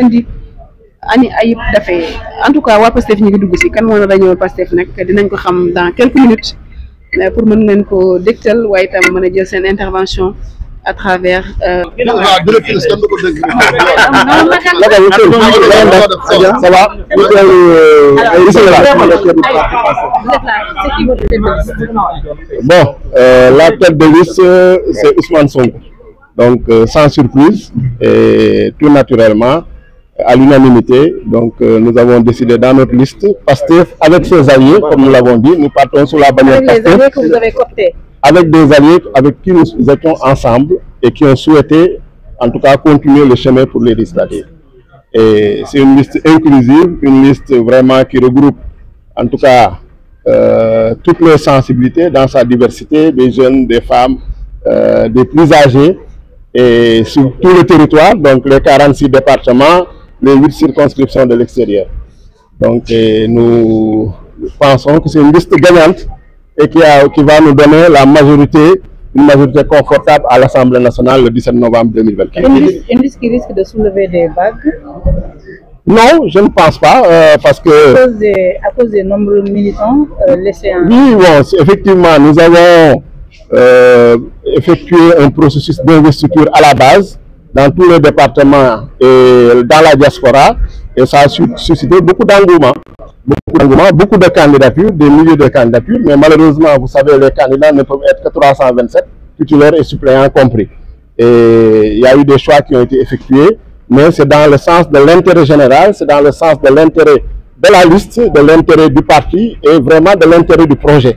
indi ani ayib dafee en tout cas waa Pastef ñu ngi dugg si kan moo nar a ñëw Pastef nag dinañ ko xam dans quelques minutes pour mën leen ko dégtal waaye itam mën a jël seen intervention à travers. waaw directrice kenn du ko dégg. ça va. bon euh, la tête de liste c'est Ousmane Sonko. donc euh, sans surprise et tout naturellement à l'unanimité donc euh, nous avons décidé dans notre liste que avec ses alliés comme nous l'avons dit nous partons sous la bannière Pastef avec les alliés que vous avez cooptés des alliés avec qui nous étions ensemble et qui ont souhaité en tout cas continuer le chemin pour les législatives et c'est une liste inclusive une liste vraiment qui regroupe en tout cas euh, toutes les sensibilités dans sa diversité des jeunes des femmes euh, des plus âgés et sur tout le territoire, donc les 46 départements, les 8 de l'extérieur. Donc et nous pensons c'est une liste gagnante et a, qui va nous donner la majorité, une majorité confortable à l'Assemblée nationale le novembre Une liste, une liste de soulever des vagues non, je ne pense pas, euh, parce que... À cause des, euh, bon, effectivement, nous avons euh, effectuer un processus d'investiture à la base dans tous les départements et dans la diaspora et a suscité beaucoup d'engouement, beaucoup d'engouement, beaucoup de candidatures, des milliers de candidatures, mais malheureusement, vous savez, les candidats ne peuvent être que 327, titulaires et suppléants compris. Et mais c'est dans le sens de l'intérêt général, c'est dans le sens de l'intérêt de la liste, de l'intérêt du parti et vraiment de projet.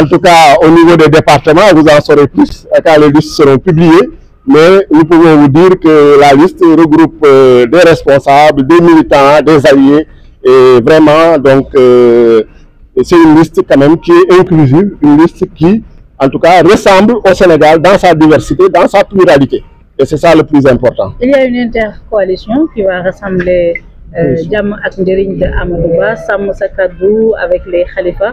En tout cas, au niveau des départements, vous en saurez plus quand les listes seront publiées. Mais nous pouvons vous dire que la liste regroupe euh, des responsables, des militants, des alliés. Et vraiment, donc, euh, c'est une liste quand même qui en tout cas, ressemble au Sénégal dans sa diversité, dans sa pluralité. Et c'est ça le plus important. Il y a une intercoalition qui va rassembler Djam euh, oui. Sam Sakadou avec les Khalifa.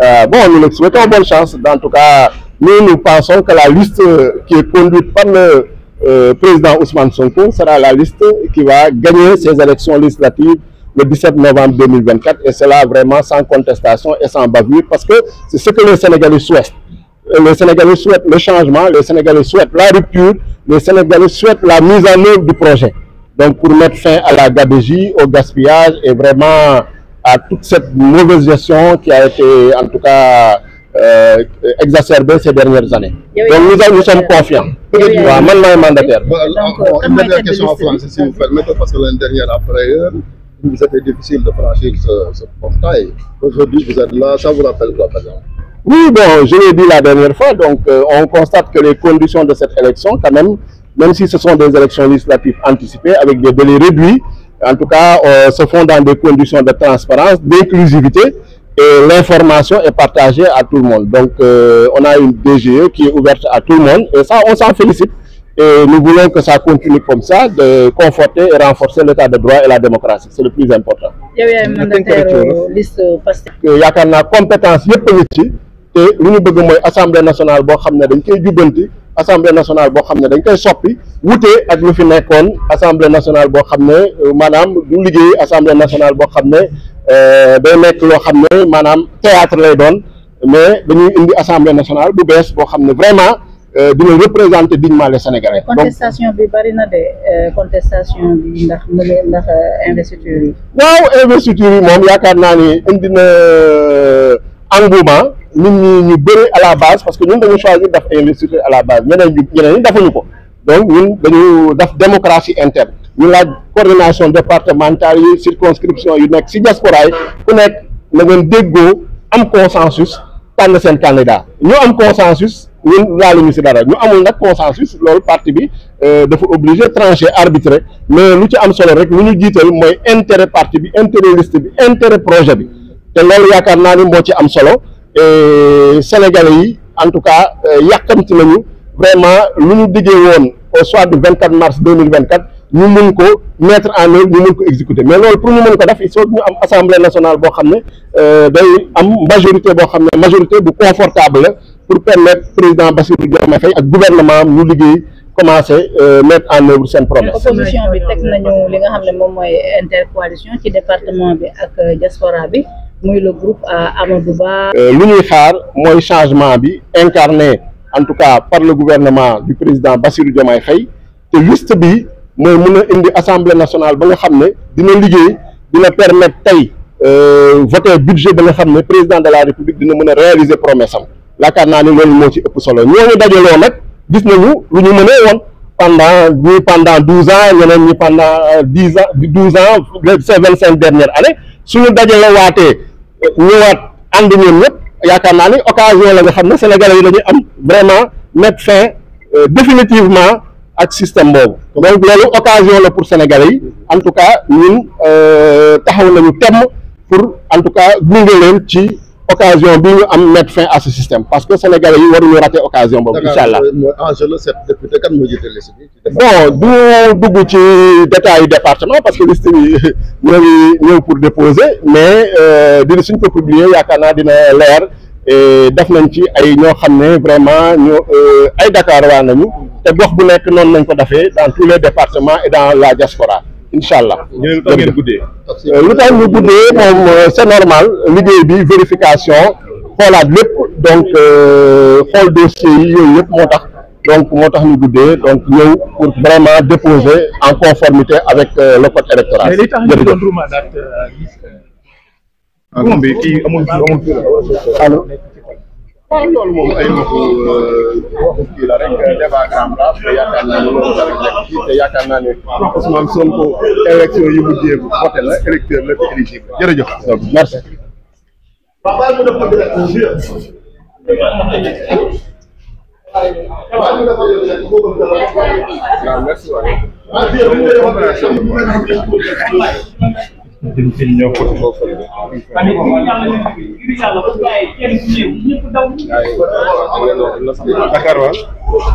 Euh, bon, nous leur souhaitons bonne tout cas, nous, nous pensons que la liste euh, qui est conduite par le euh, président Ousmane Sonko sera la liste qui va vraiment sans contestation et sans bavure, parce que c'est ce que les euh, changement, les Sénégalais souhaitent la rupture, les Sénégalais la mise en œuvre du projet. Donc pour mettre fin à la gabégie, et vraiment à toute cette mauvaise gestion qui a été en tout cas euh, exacerbée ces dernières années. Donc nous, sommes confiants. waaw man maay mandataire. parce que l'année dernière après vous était difficile de franchir ce, ce Aujourd'hui vous êtes là, ça la dernière fois, euh, on constate que les conditions de cette élection quand même si ce sont des élections législatives anticipées avec des délais réduits en tout cas euh, se font des conditions de transparence, d'inclusivité et l'information est partagée à tout le monde. Donc euh, on a une DGE qui est ouverte à tout le monde et ça on s'en félicite et nous voulons que ça continue comme ça de conforter et renforcer l'état de droit et la démocratie c'est le plus important. yow yaay mandataire euh, liste euh, Pastef. Euh, yaakaar naa compétence yëpp a ngi lu ñu bëgg mooy assemblée nationale boo xam ne dañ koy jubbanti. assemblée nationale boo xam ne dañ koy soppi wute ak lu fi nekkoon assemblée nationale boo xam ne euh, maanaam du liggéey assemblée nationale boo xam ne euh, day nekk loo xam ne maanaam théâtre lay doon mais dañuy indi assemblée nationale bu bees boo xam ne vraiment euh, dina représenter dignement les Sénégalais. contestation bi bari na de contestation bi ndax waaw investiture yi moom yaakaar naa ni indi na engouement. nit ñi ñu bëri à la base parce que ñun dañu choisir daf ay investisseurs à la base ñeneen ñu ñeneen ñi defuñu ko donc ñun dañu daf démocratie interne ñu laaj coordination départementale yi circonscription yu nekk si diaspora yi ku nekk na ngeen déggoo am consensus tànn seen candidat ñu am consensus ñun laaluñu si dara ñu amul nag consensus loolu parti bi euh, dafa obligé tranché arbitré mais lu ci am solo rek lu ñu jiital mooy intérêt parti bi intérêt liste bi intérêt projet bi te loolu yaakaar naa ni moo ci am solo Euh, sénégalais yi en tout cas euh, yàkkamti nañu vraiment lu ñu diggee woon au soir du 24 mars 2024 ñu mun ko mettre en œuvre ñu mun ko exécuter mais loolu pour ñu mun ko def il faut ñu am assemblée nationale boo xam ne euh, day am majorité boo xam ne majorité bu confortable la pour permettre président Bassirou Diomaye Faye ak gouvernement ñu liggéey commencé mettre en œuvre seen promesse. opposition bi teg nañu li nga xam ne moom mooy intercoalition ci département bi ak diaspora bi. muy le groupe euh, Amadou Ba. Euh, lu ñuy xaar mooy changement bi incarné en tout cas par le gouvernement du président Bassirou Diomaye Faye te liste bi mooy mën a indi assemblée nationale ba nga xam ne dina liggéey dina permettre tey euh, voter budget ba nga xam ne président de la république dina mën a réaliser promesse am laakaar naa ni loolu moo ci ëpp solo ñooñu dajaloo nag gis nañu lu ñu mënee woon pendant ñii pendant douze ans ñeneen ñi pendant dix ans douze ans vingt cinq dernières années suñu dajale waatee ñëwaat ànd ñoom ñëpp yaakaar naa ni occasion la nga xam ne sénégalais yi dañuy am vraiment mettre fin euh, définitivement ak système boobu donc loolu occasion la pour sénégalais yi en tout cas ñun euh, taxaw nañu temm pour en tout cas gunge leen ci occasion bi ñu am mettre fin à ce système parce que sénégalais yi waruñu rater occasion boobu incha allah bon du dugg ci détail yu département parce que liste bi ñoo ngi pour déposer mais euh, dina suñ ko publier yaakaar naa dina leer def nañ ci ay ñoo xam ne vraiment ñu euh, ay Dakar waa nañu te gox bu nekk noonu nañ ko defee dans tous les départements et dans la diaspora incha allah. Euh, lu tax ñu guddee moom euh, c'est normal liggéey bi vérification xoolaat lépp donc euh, xool dossier yi yooyu yëpp moo tax donc moo tax ñu guddee donc ñëw pour vraiment déposer en conformité avec le code électoral. jërëjëf loolu moom ay waxu euh, waxu kii la rek euh, débat grand place te yaakaar naa ne loolu la rek nekk fii te yaakaar naa ne Ousmane Sonko élection yi mujjee voté la électeur la te éligible jërëjëf. merci. waaw merci waay. a ci ñoo ko ci boppam. Dakar waaw.